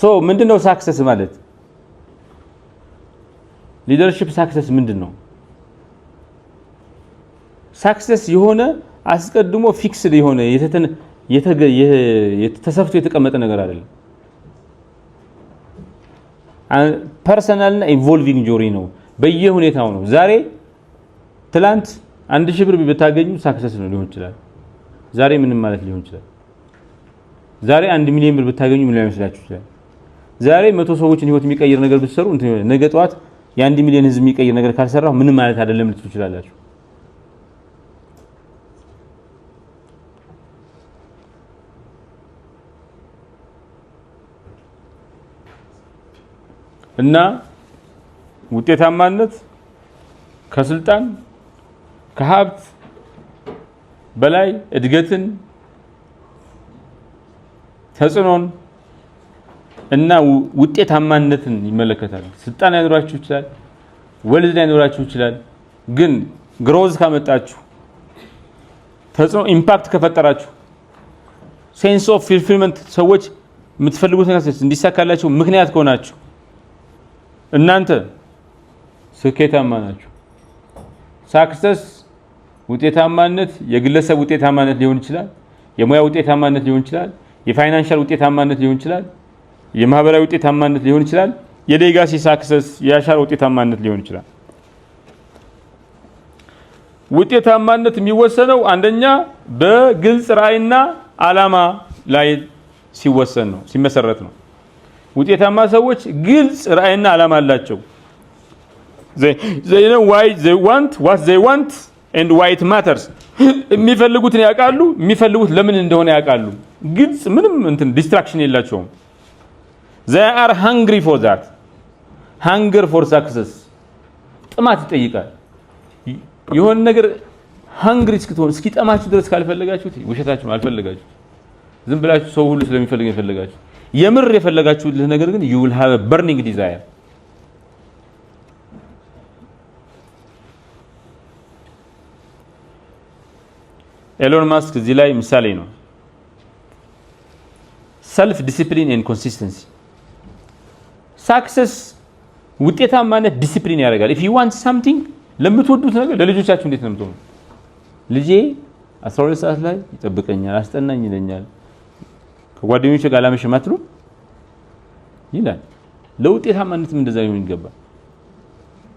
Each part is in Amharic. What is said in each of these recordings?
ሶ ምንድን ነው ሳክሰስ ማለት? ሊደርሺፕ ሳክሰስ ምንድን ነው? ሳክሰስ የሆነ አስቀድሞ ፊክስድ የሆነ ተሰፍቶ የተቀመጠ ነገር አይደለም። ፐርሰናልና ኢንቮልቪንግ ጆሪ ነው። በየሁኔታው ነው። ዛሬ ትላንት አንድ ሺህ ብር ብታገኙ ሳክሰስ ነው ሊሆን ይችላል። ዛሬ ምንም ማለት ሊሆን ይችላል። ዛሬ አንድ ሚሊዮን ብር ብታገኙ ምን ሊሆን ይችላል? ዛሬ መቶ ሰዎችን ህይወት የሚቀይር ነገር ብትሰሩ እንትን ነገ ጠዋት የአንድ ሚሊዮን ህዝብ የሚቀይር ነገር ካልሰራሁ ምንም ማለት አይደለም ልትሉ ትችላላችሁ። እና ውጤታማነት ከስልጣን ከሀብት በላይ እድገትን ተጽዕኖን እና ውጤታማነትን ይመለከታል። ስልጣን ላይኖራችሁ ይችላል፣ ወልድ ላይኖራችሁ ይችላል። ግን ግሮዝ ካመጣችሁ ተጽዕኖ ኢምፓክት ከፈጠራችሁ ሴንስ ኦፍ ፊልፊልመንት ሰዎች የምትፈልጉት ነገር እንዲሳካላቸው ምክንያት ከሆናችሁ እናንተ ስኬታማ ናችሁ። ሳክሰስ ውጤታማነት የግለሰብ ውጤታማነት ሊሆን ይችላል፣ የሙያ ውጤታማነት ሊሆን ይችላል፣ የፋይናንሻል ውጤታማነት ሊሆን ይችላል። የማህበራዊ ውጤታማነት ሊሆን ይችላል። የሌጋሲ ሳክሰስ የአሻር ውጤታማነት ሊሆን ይችላል። ውጤታማነት የሚወሰነው አንደኛ በግልጽ ራዕይና ዓላማ ላይ ሲወሰን ነው ሲመሰረት ነው። ውጤታማ ሰዎች ግልጽ ራዕይና ዓላማ አላቸው። ዘይ ዋንት ዋት ዘይ ዋንት ኤንድ ዋይ ኢት ማተርስ የሚፈልጉትን ያውቃሉ። የሚፈልጉት ለምን እንደሆነ ያውቃሉ። ግልጽ ምንም እንትን ዲስትራክሽን የላቸውም። ዘይ አር ሃንግሪ ፎር ዛት ሃንግር ፎር ሳክሰስ ጥማት ይጠይቃል። የሆነ ነገር ሃንግሪ እስክትሆን እስኪጠማችሁ ድረስ ካልፈለጋችሁት ውሸታችሁ አልፈለጋችሁት ዝም ብላችሁ ሰው ሁሉ ስለሚፈልግ የፈለጋችሁ የምር የፈለጋችሁት ነገር ግን you will have a burning desire ኤሎን ማስክ እዚህ ላይ ምሳሌ ነው። ሰልፍ ዲሲፕሊን ኤንድ ኮንሲስተንሲ ሳክሰስ ውጤታማነት ዲሲፕሊን ያደርጋል። ኢፍ ዩ ዋንት ሳምቲንግ ለምትወዱት ነገር ለልጆቻችሁ እንዴት ነው የምትሆኑ? ልጄ 12 ሰዓት ላይ ይጠብቀኛል፣ አስጠናኝ ይለኛል፣ ከጓደኞች ጋር አላመሸም ይላል። ለውጤታማነትም እንደዛ ሊሆን ይገባል።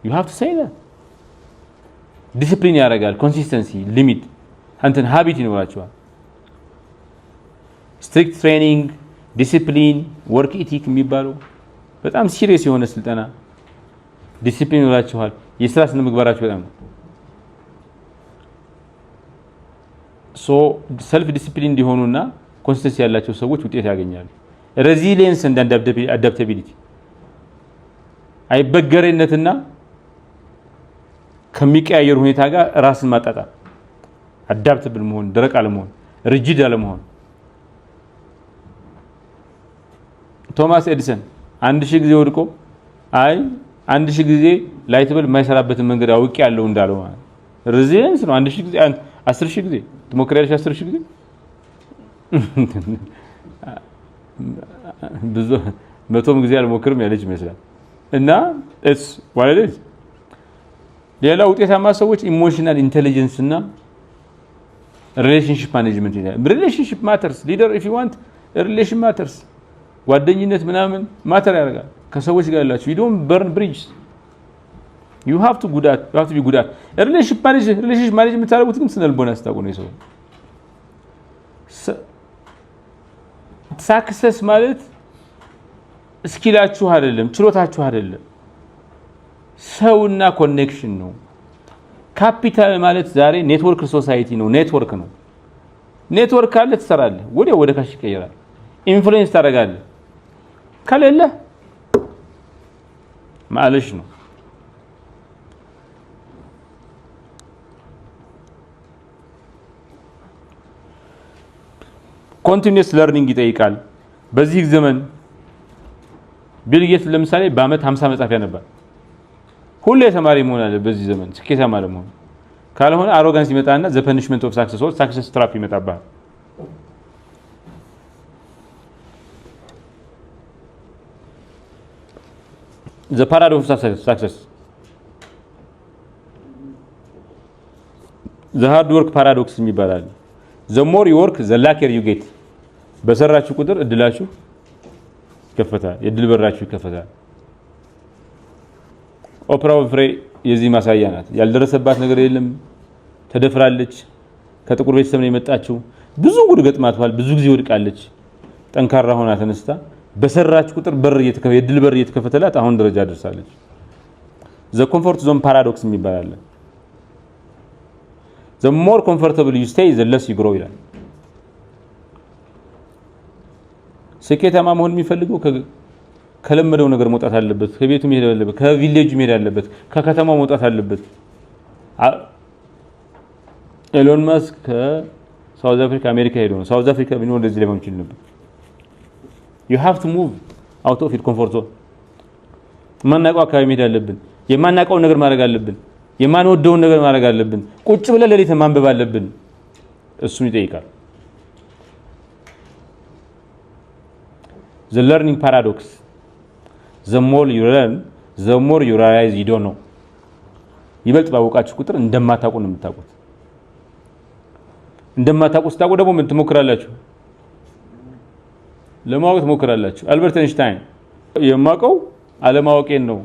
ዩ ሃቭ ቱ ሴይ ዳት ዲሲፕሊን ያደርጋል። ኮንሲስተንሲ ሊሚት እንትን ሀቢት ይኖራቸዋል። ስትሪክት ትሬኒንግ፣ ዲሲፕሊን፣ ወርክ ኢቲክ የሚባለው በጣም ሲሪየስ የሆነ ስልጠና ዲሲፕሊን ይኖራችኋል። የስራ ስነ ምግባራችሁ በጣም ነው። ሰልፍ ዲሲፕሊን እንዲሆኑና ኮንሲስተንስ ያላቸው ሰዎች ውጤት ያገኛሉ። ሬዚሊየንስ እንደ አዳፕታቢሊቲ አይበገሬነትና ከሚቀያየር ሁኔታ ጋር ራስን ማጣጣም፣ አዳፕትብል መሆን፣ ደረቅ አለመሆን፣ ሪጂድ አለመሆን ቶማስ ኤዲሰን አንድ ሺህ ጊዜ ወድቆ አይ አንድ ሺህ ጊዜ ላይትበል የማይሰራበትን መንገድ አውቄ ያለው እንዳለው ማለት ሬዚሊየንስ ነው። አንድ ሺህ ጊዜ አስር ሺህ ጊዜ ትሞክሪያለሽ፣ አስር ሺህ ጊዜ ብዙ መቶም ጊዜ አልሞክርም ያለች ይመስላል። እና እስ ዋለልጅ ሌላ ውጤታማ ሰዎች ኢሞሽናል ኢንቴሊጀንስ እና ሪሌሽንሽፕ ማኔጅመንት ይላል። ሪሌሽንሽፕ ማተርስ ሊደር ኢፍ ዩ ዋንት ሪሌሽን ማተርስ ጓደኝነት ምናምን ማተር ያደርጋል። ከሰዎች ጋር ያላችሁ ዩ በርን ብሪጅ ዩ ሃቭ ቱ ጉዳት ዩ ሃቭ ቱ ቢ ጉዳት ሪሌሽንሺፕ ማኔጅ ሪሌሽንሺፕ ማኔጅ የምታደርጉት ግን ስነልቦና ስታውቁ ነው። የሰው ሳክሰስ ማለት እስኪላችሁ አይደለም፣ ችሎታችሁ አይደለም፣ ሰውና ኮኔክሽን ነው። ካፒታል ማለት ዛሬ ኔትወርክ ሶሳይቲ ነው። ኔትወርክ ነው። ኔትወርክ ካለ ትሰራለህ፣ ወዲያ ወደ ካሽ ይቀየራል። ኢንፍሉዌንስ ታደርጋለህ። ከሌለ ማለሽ ነው። ኮንቲኒየስ ለርኒንግ ይጠይቃል። በዚህ ዘመን ቢል ለምሳሌ በአመት 50 መጽሐፍ ያነባል። ሁሌ ተማሪ መሆን አለ። በዚህ ዘመን ስኬታማ ለመሆን ካልሆነ አሮጋንስ ይመጣና ዘ ፐኒሽመንት ኦፍ ሳክሰስ ሳክሰስ ትራፕ ይመጣብሃል። the paradox of success the hard work paradox የሚባላል the more you work the luckier you get በሰራችሁ ቁጥር እድላችሁ ይከፈታል፣ የእድል በራችሁ ይከፈታል። ኦፕራ ወፍሬ የዚህ ማሳያ ናት። ያልደረሰባት ነገር የለም። ተደፍራለች። ከጥቁር ቤተሰብ ነው የመጣችው። ብዙ ጉድ ገጥማቷል። ብዙ ጊዜ ወድቃለች። ጠንካራ ሆና ተነስታ በሰራች ቁጥር በር እየተከፈተ የድል በር እየተከፈተላት አሁን ደረጃ ደርሳለች። ዘ ኮምፎርት ዞን ፓራዶክስ የሚባል አለ። ዘ ሞር ኮምፎርታብል ዩ ስቴይ ዘ ለስ ዩ ግሮ ይላል። ስኬታማ መሆን የሚፈልገው ከለመደው ነገር መውጣት አለበት። ከቤቱ መሄድ አለበት። ከቪሌጁ መሄድ አለበት። ከከተማው መውጣት አለበት። ኤሎን ማስክ ከሳውዝ አፍሪካ አሜሪካ ሄዶ ነው። ሳውዝ አፍሪካ ቢኖር እንደዚህ ላይሆን ይችል ነበር። you have to move out of your comfort zone። የማናውቀው አካባቢ መሄድ አለብን። የማናውቀውን ነገር ማድረግ አለብን። የማንወደውን ነገር ማድረግ አለብን። ቁጭ ብለን ሌሊት ማንበብ አለብን። እሱም ይጠይቃል። the learning paradox the more you learn the more you realize you don't know ይበልጥ ባወቃችሁ ቁጥር እንደማታውቁ ነው የምታውቁት። እንደማታውቁ ስታውቁ ደግሞ ምን ትሞክራላችሁ? ለማወቅ ትሞክራላችሁ። አልበርት ኢንሽታይን የማውቀው አለማወቄን ነው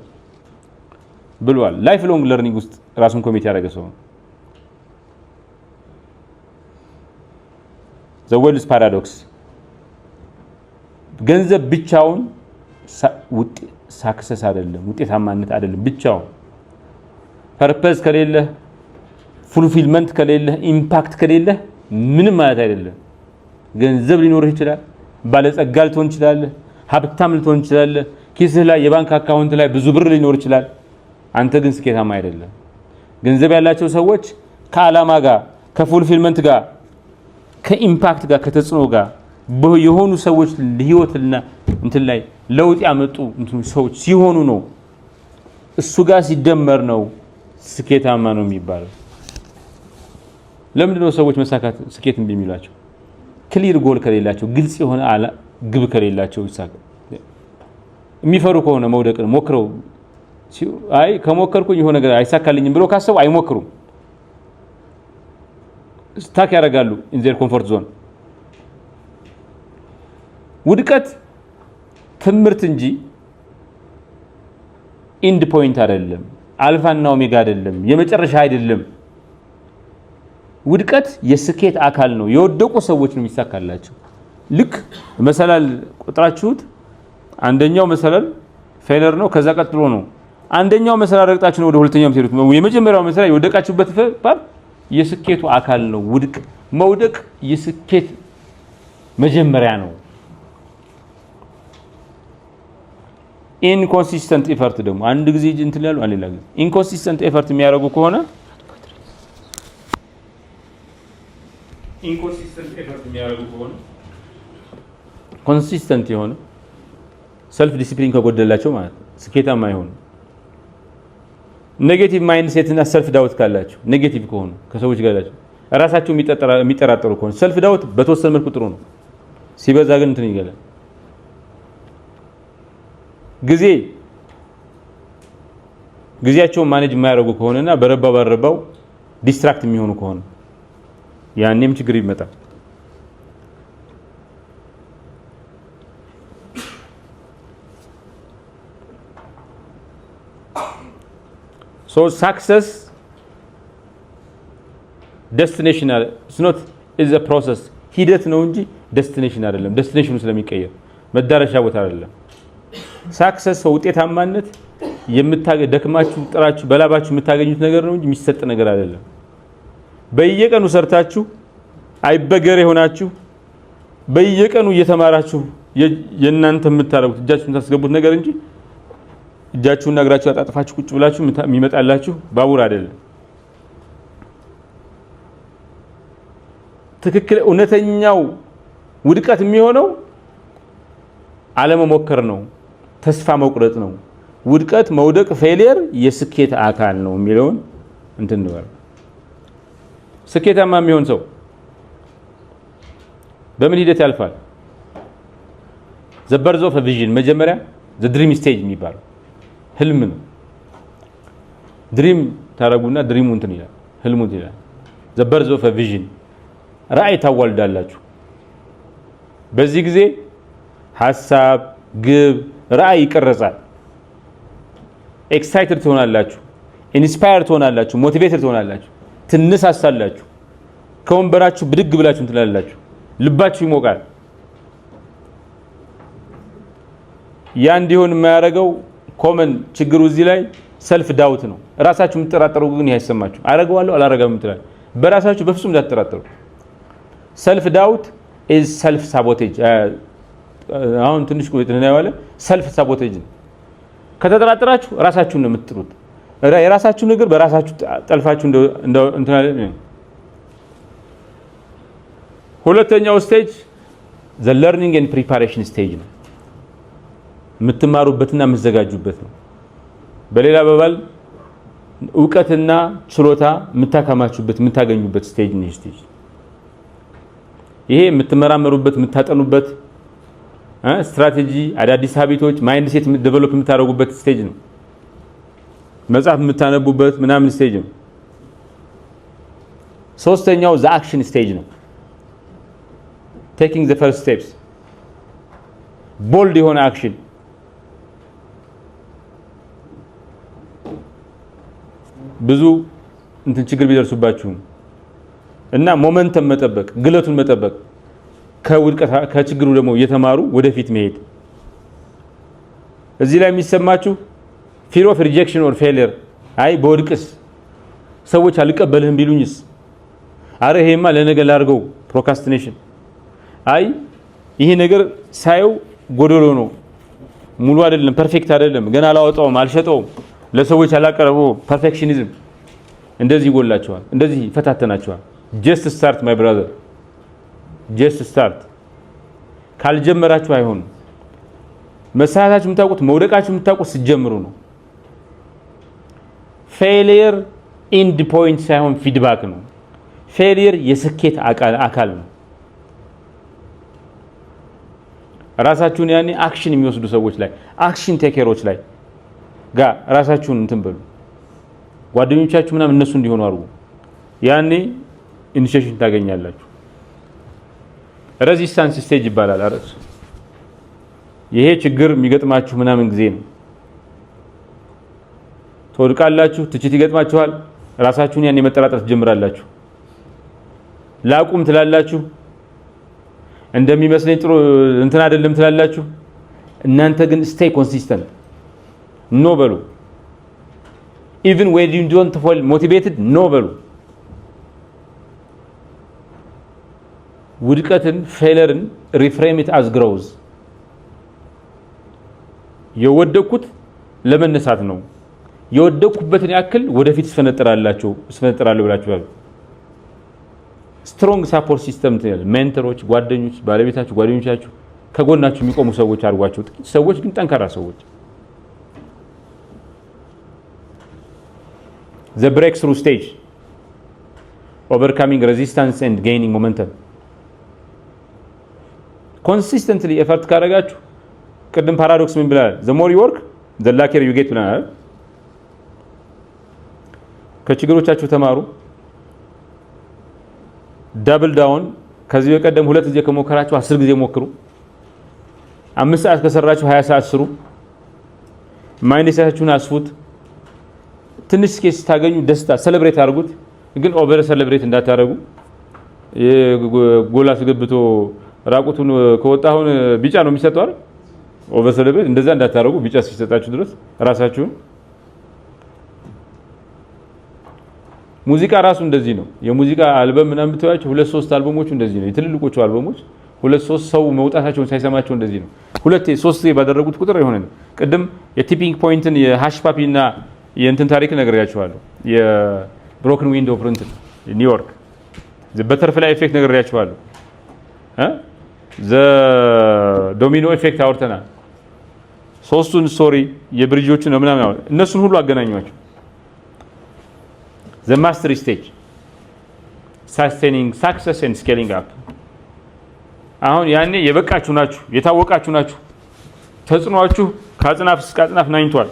ብሏል። ላይፍ ሎንግ ለርኒንግ ውስጥ ራሱን ኮሚቴ ያደረገ ሰው ነው። ዘ ዌልዝ ፓራዶክስ ገንዘብ ብቻውን ሳክሰስ አይደለም፣ ውጤታማነት አይደለም ብቻውን። ፐርፐዝ ከሌለህ፣ ፉልፊልመንት ከሌለህ፣ ኢምፓክት ከሌለህ ምንም ማለት አይደለም። ገንዘብ ሊኖርህ ይችላል ባለጸጋ ልትሆን ትችላለህ፣ ሀብታም ልትሆን ትችላለህ። ኪስህ ላይ የባንክ አካውንት ላይ ብዙ ብር ሊኖር ይችላል። አንተ ግን ስኬታማ አይደለም። ገንዘብ ያላቸው ሰዎች ከዓላማ ጋር ከፉልፊልመንት ጋር ከኢምፓክት ጋር ከተጽዕኖ ጋር የሆኑ ሰዎች ህይወትና እንትን ላይ ለውጥ ያመጡ ሰዎች ሲሆኑ ነው። እሱ ጋር ሲደመር ነው ስኬታማ ነው የሚባለው። ለምንድነው ሰዎች መሳካት ስኬት እምቢ የሚሏቸው? ክሊር ጎል ከሌላቸው ግልጽ የሆነ ግብ ከሌላቸው የሚፈሩ ከሆነ መውደቅን ሞክረው አይ ከሞከርኩኝ የሆነ ነገር አይሳካልኝም ብሎ ካሰቡ አይሞክሩም። ስታክ ያደርጋሉ ኢንዘር ኮንፎርት ዞን። ውድቀት ትምህርት እንጂ ኢንድ ፖይንት አይደለም፣ አልፋና ኦሜጋ አይደለም፣ የመጨረሻ አይደለም። ውድቀት የስኬት አካል ነው። የወደቁ ሰዎች ነው የሚሳካላቸው። ልክ መሰላል ቁጥራችሁት አንደኛው መሰላል ፌለር ነው። ከዛ ቀጥሎ ነው አንደኛው መሰላል ረግጣችሁ ነው ወደ ሁለተኛው የምትሄዱት። የመጀመሪያው መሰላል የወደቃችሁበት ባል የስኬቱ አካል ነው። ውድቅ መውደቅ የስኬት መጀመሪያ ነው። ኢንኮንሲስተንት ኤፈርት ደግሞ አንድ ጊዜ እንትን ያሉ አንድ ጊዜ ኢንኮንሲስተንት ኤፈርት የሚያደርጉ ከሆነ ኢንኮንሲስተንት ኮንሲስተንት የሆነ ሰልፍ ዲሲፕሊን ከጎደላቸው ማለት ነው ስኬታማ የሆኑ ኔጌቲቭ ማይንድ እና ሰልፍ ዳውት ካላቸው ኔጌቲቭ ከሆኑ ከሰዎች ጋር ያላቸው የሚጠራጠሩ ከሆኑ ሰልፍ ዳውት በተወሰነ መልኩ ጥሩ ነው፣ ሲበዛ ግን እንትን ይገለ ጊዜ ጊዜያቸውን ማኔጅ የማያደርጉ ከሆነና በረባ ባረባው ዲስትራክት የሚሆኑ ከሆነ ያኔም ችግር ይመጣል። ሶ ሳክሰስ ደስቲኔሽን ስኖት ኢዝ ፕሮሰስ ሂደት ነው እንጂ ደስቲኔሽን አይደለም። ደስቲኔሽኑ ስለሚቀየር መዳረሻ ቦታ አይደለም። ሳክሰስ ውጤታማነት ደክማችሁ ጥራችሁ በላባችሁ የምታገኙት ነገር ነው እንጂ የሚሰጥ ነገር አይደለም። በየቀኑ ሰርታችሁ አይበገሬ የሆናችሁ በየቀኑ እየተማራችሁ የእናንተ የምታደርጉት እጃችሁ የምታስገቡት ነገር እንጂ እጃችሁና እግራችሁ አጣጥፋችሁ ቁጭ ብላችሁ የሚመጣላችሁ ባቡር አይደለም። ትክክል እውነተኛው ውድቀት የሚሆነው አለመሞከር ነው፣ ተስፋ መቁረጥ ነው። ውድቀት፣ መውደቅ፣ ፌሊየር የስኬት አካል ነው የሚለውን እንትን ስኬታማ የሚሆን ሰው በምን ሂደት ያልፋል? ዘበርዝ ኦፍ ቪዥን መጀመሪያ ድሪም ስቴጅ የሚባለው ህልም ነው። ድሪም ታረጉና ድሪሙ እንትን ይላል፣ ህልሙ እንትን ይላል። ዘበርዝ ኦፍ ቪዥን ራዕይ ታዋልዳላችሁ። በዚህ ጊዜ ሀሳብ፣ ግብ፣ ራዕይ ይቀረጻል። ኤክሳይትድ ትሆናላችሁ፣ ኢንስፓየር ትሆናላችሁ፣ ሞቲቬትድ ትሆናላችሁ። ትነሳሳላችሁ፣ ከወንበራችሁ ብድግ ብላችሁ ትላላችሁ፣ ልባችሁ ይሞቃል። ያ እንዲሆን የማያደርገው ኮመን ችግሩ እዚህ ላይ ሰልፍ ዳውት ነው። ራሳችሁ የምትጠራጠሩ ግን ይህ አይሰማችሁ። አረገዋለሁ አላረገም ትላል። በራሳችሁ በፍጹም እንዳትጠራጠሩ። ሰልፍ ዳውት ኢዝ ሰልፍ ሳቦቴጅ። አሁን ትንሽ ቁጥር እናየዋለን። ሰልፍ ሳቦቴጅ ነው። ከተጠራጠራችሁ ራሳችሁን ነው የምትጥሩት። የራሳችሁ ነገር በራሳችሁ ጠልፋችሁ ሁለተኛው ስቴጅ ዘ ለርኒንግ ኤንድ ፕሪፓሬሽን ስቴጅ ነው። የምትማሩበትና የምትዘጋጁበት ነው። በሌላ አባባል እውቀትና ችሎታ የምታከማችሁበት የምታገኙበት ስቴጅ ነው። ስቴጅ ይሄ የምትመራመሩበት የምታጠኑበት ስትራቴጂ፣ አዳዲስ ሀቢቶች፣ ማይንድሴት ዴቨሎፕ የምታደርጉበት ስቴጅ ነው። መጽሐፍ የምታነቡበት ምናምን ስቴጅ ነው። ሶስተኛው ዘ አክሽን ስቴጅ ነው። ቴኪንግ ዘ ፈርስት ስቴፕስ ቦልድ የሆነ አክሽን ብዙ እንትን ችግር ቢደርሱባችሁም እና ሞመንተም መጠበቅ ግለቱን መጠበቅ ከውድቀት ከችግሩ ደግሞ እየተማሩ ወደፊት መሄድ እዚህ ላይ የሚሰማችሁ ፊር ኦፍ ሪጀክሽን ኦር ፌሊየር አይ በወድቅስ ሰዎች አልቀበልህም ቢሉኝስ አረ ይሄማ ለነገ ላድርገው ፕሮካስቲኔሽን አይ ይሄ ነገር ሳየው ጎደሎ ነው ሙሉ አይደለም ፐርፌክት አይደለም ገና አላወጣውም አልሸጠውም ለሰዎች አላቀረበውም ፐርፌክሽኒዝም እንደዚህ ይጎላቸዋል እንደዚህ ይፈታተናቸዋል ጀስት ስታርት ማይ ብራዘር ጀስት ስታርት ካልጀመራችሁ አይሆንም መሳሳታችሁ የምታውቁት መውደቃችሁ የምታውቁት ስትጀምሩ ነው ፌሊየር ኢንድ ፖይንት ሳይሆን ፊድባክ ነው። ፌሊየር የስኬት አካል ነው። ራሳችሁን ያኔ አክሽን የሚወስዱ ሰዎች ላይ አክሽን ቴኬሮች ላይ ጋ ራሳችሁን እንትን በሉ። ጓደኞቻችሁ ምናምን እነሱ እንዲሆኑ አድርጉ። ያኔ ኢኒሼሽን ታገኛላችሁ። ረዚስታንስ ስቴጅ ይባላል። አረሱ ይሄ ችግር የሚገጥማችሁ ምናምን ጊዜ ነው። ትወድቃላችሁ፣ ትችት ይገጥማችኋል። ራሳችሁን ያን የመጠራጠር ትጀምራላችሁ። ላቁም ትላላችሁ፣ እንደሚመስለኝ ጥሩ እንትን አይደለም ትላላችሁ። እናንተ ግን ስቴይ ኮንሲስተንት ኖ በሉ። ኢቭን ዌን ዩ ዶንት ፎል ሞቲቬትድ ኖ በሉ። ውድቀትን ፌለርን ሪፍሬም ኢት አዝ ግሮውዝ ለመነሳት ነው የወደቅኩበትን ያክል ወደፊት ስፈነጥራላችሁ ስፈነጥራለሁ ብላችሁ ስትሮንግ ሳፖርት ሲስተም ትል ሜንተሮች፣ ጓደኞች፣ ባለቤታችሁ፣ ጓደኞቻችሁ ከጎናችሁ የሚቆሙ ሰዎች አድርጓቸው። ጥቂት ሰዎች ግን ጠንካራ ሰዎች ዘ ብሬክ ስሩ ስቴጅ ኦቨርካሚንግ ሬዚስታንስ ኤንድ ጌይኒንግ ሞመንተም ኮንሲስተንትሊ ኤፈርት ካረጋችሁ ቅድም ፓራዶክስ ምን ብላል? ዘ ሞር ዩ ወርክ ዘ ላኪር ዩ ጌት ብለናል። ከችግሮቻችሁ ተማሩ። ዳብል ዳውን ከዚህ በቀደም ሁለት ጊዜ ከሞከራችሁ አስር ጊዜ ሞክሩ። አምስት ሰዓት ከሰራችሁ ሀያ ሰዓት ስሩ። ማይነሳችሁን አስፉት። ትንሽ ስኬት ስታገኙ ደስታ ሰለብሬት አድርጉት። ግን ኦቨር ሰለብሬት እንዳታደርጉ። ጎል አስገብቶ ራቁቱን ከወጣ አሁን ቢጫ ነው የሚሰጠው አይደል? ኦቨር ሰለብሬት እንደዛ እንዳታደርጉ። ቢጫ እስኪሰጣችሁ ድረስ ራሳችሁን ሙዚቃ ራሱ እንደዚህ ነው። የሙዚቃ አልበም ምናምን ብታያቸው ሁለት ሶስት አልበሞቹ እንደዚህ ነው። የትልልቆቹ አልበሞች ሁለት ሶስት ሰው መውጣታቸውን ሳይሰማቸው እንደዚህ ነው። ሁለቴ ሶስት ባደረጉት ቁጥር የሆነ ነው። ቅድም የቲፒንግ ፖይንትን የሃሽ ፓፒ እና የእንትን ታሪክ ነግሬያችኋለሁ። የብሮክን ዊንዶ ፕሪንት ኒውዮርክ በተርፍላይ ኤፌክት ነግሬያችኋለሁ። ዶሚኖ ኤፌክት አውርተናል። ሶስቱን ስቶሪ የብሪጆቹን ምናምን እነሱን ሁሉ አገናኟቸው። The mastery stage sustaining success and scaling up። አሁን ያኔ የበቃችሁ ናችሁ፣ የታወቃችሁ ናችሁ። ተጽዕኖአችሁ ከአጽናፍ እስከ አጽናፍ ናኝቷል።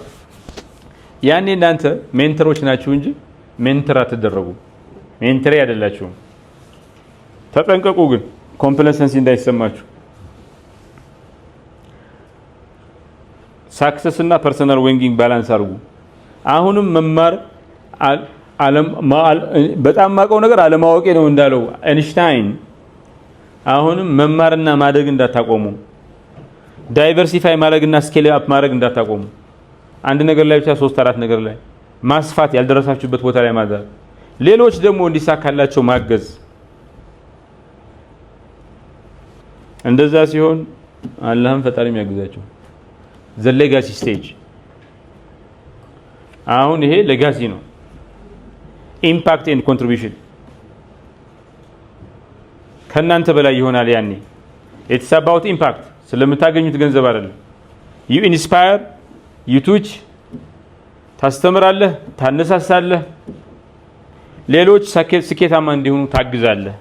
ያኔ እናንተ ሜንተሮች ናችሁ እንጂ ሜንተር አትደረጉም። ሜንተር አይደላችሁም። ተጠንቀቁ ግን ኮምፕለሰንሲ እንዳይሰማችሁ። ሳክሰስ እና ፐርሰናል ዌንጊንግ ባላንስ አድርጉ። አሁንም መማር በጣም ማቀው ነገር አለማወቄ ነው እንዳለው አይንሽታይን። አሁንም መማርና ማደግ እንዳታቆሙ፣ ዳይቨርሲፋይ ማድረግና ስኬል አፕ ማድረግ እንዳታቆሙ። አንድ ነገር ላይ ብቻ ሶስት አራት ነገር ላይ ማስፋት፣ ያልደረሳችሁበት ቦታ ላይ ማድረግ፣ ሌሎች ደግሞ እንዲሳካላቸው ማገዝ። እንደዛ ሲሆን አላህም ፈጣሪም ያግዛቸው። ዘ ሌጋሲ ስቴጅ አሁን ይሄ ሌጋሲ ነው። ኢምፓክት ኤንድ ኮንትሪቢሽን ከእናንተ በላይ ይሆናል። ያኔ ኢትስ አባውት ኢምፓክት ስለምታገኙት ገንዘብ አይደለም። ዩ ኢንስፓየር ዩቱች ታስተምራለህ፣ ታነሳሳለህ፣ ሌሎች ስኬታማ እንዲሆኑ ታግዛለህ።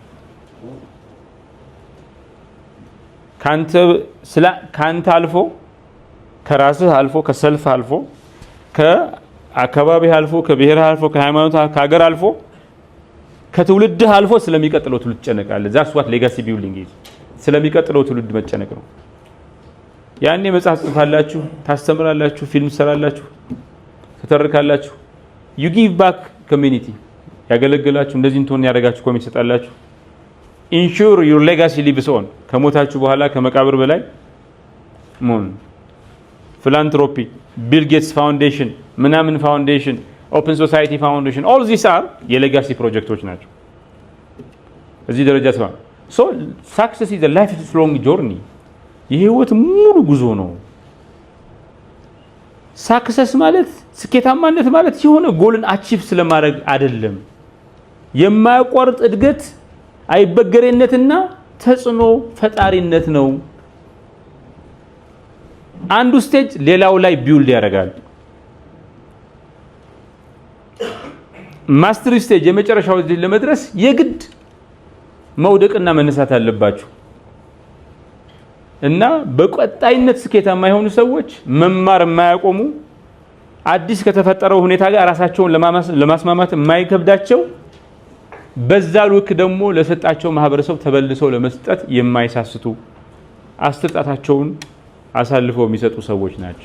ከአንተ አልፎ ከራስህ አልፎ ከሰልፍ አልፎ አካባቢ አልፎ ከብሔር አልፎ ከሃይማኖት ከሀገር አልፎ ከትውልድህ አልፎ ስለሚቀጥለው ትውልድ ትጨነቃለህ። ዛትስ ዋት ሌጋሲ ቢውልዲንግ ኢዝ ስለሚቀጥለው ትውልድ መጨነቅ ነው። ያኔ መጽሐፍ ጽፋላችሁ፣ ታስተምራላችሁ፣ ፊልም ትሰራላችሁ፣ ትተርካላችሁ። ዩ ጊቭ ባክ ኮሚኒቲ ያገለግላችሁ እንደዚህ እንትሆን ያደረጋችሁ ኮሚኒቲ ትሰጣላችሁ። ኢንሹር ዩር ሌጋሲ ሊቭስ ኦን ከሞታችሁ በኋላ ከመቃብር በላይ ሞን። ፊላንትሮፒ ቢል ጌትስ ፋውንዴሽን ምናምን ፋውንዴሽን፣ ኦፕን ሶሳይቲ ፋውንዴሽን ኦል ዚስ አር የሌጋሲ ፕሮጀክቶች ናቸው። እዚህ ደረጃ ስ ሶ ሳክሰስ ኢዝ ላይፍ ሎንግ ጆርኒ የህይወት ሙሉ ጉዞ ነው። ሳክሰስ ማለት ስኬታማነት ማለት የሆነ ጎልን አቺቭ ስለማድረግ አይደለም። የማያቋርጥ እድገት አይበገሬነትና ተጽዕኖ ፈጣሪነት ነው። አንዱ ስቴጅ ሌላው ላይ ቢውልድ ያደርጋል። ማስተር ስቴጅ የመጨረሻው እድል ለመድረስ የግድ መውደቅና መነሳት አለባችሁ እና በቀጣይነት ስኬታማ የሆኑ ሰዎች መማር የማያቆሙ አዲስ ከተፈጠረው ሁኔታ ጋር ራሳቸውን ለማስማማት የማይከብዳቸው በዛ ልክ ደግሞ ለሰጣቸው ማህበረሰብ ተበልሰው ለመስጠት የማይሳስቱ አስተጣታቸውን አሳልፈው የሚሰጡ ሰዎች ናቸው።